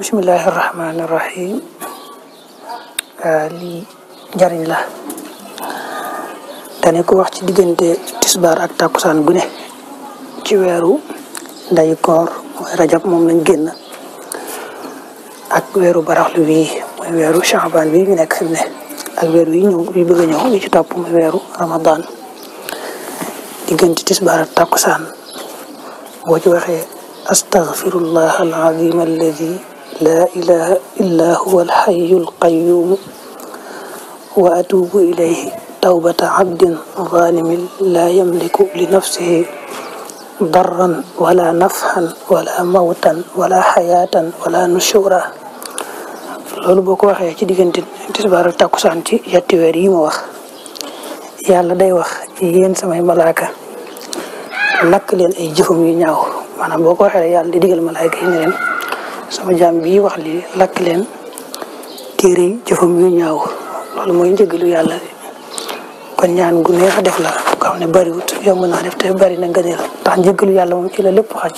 bismillahi rahmaani rahim ah, lii njariñ la dane ko wax ci diggante tisbaar ak takkusaan bu ne ci weeru nday koor mooy rajab moom lañ génn ak weeru baraxlu wi mooy weeru chaabaan bi ñu nekk fi mu ne ak weeru yi ñëw bi bëgg a ñëw ci topp mooy weeru ramadan diggante tisbaar ak takkusaan boo ci waxee astaghfirullah al azim alladi laa ilaaha illaa huwa alxayyul qayyuum wa atuubu ilayhi tawbata abdin zaalimin laa yamliku li nafsihi darran wala nafxan wala mawtan wala xayaatan wala nushura loolu boo ko waxee ci diggante tisbaar ak takkusaan ci yetti weer yi ma wax yàlla day wax yéen samay malaaka lakk leen ay jëfam yu ñaw maanaam boo ko waxee yàlla di digal malaaka yi ne sama jaam bii wax li lakk leen téere jëfam yu ñaaw loolu mooy njëgalu yàlla kon ñaan gu neex a def la ko xam ne bariwut yomb naa def te bari na ngëneel tax njëgalu yàlla moom ci la lépp xaj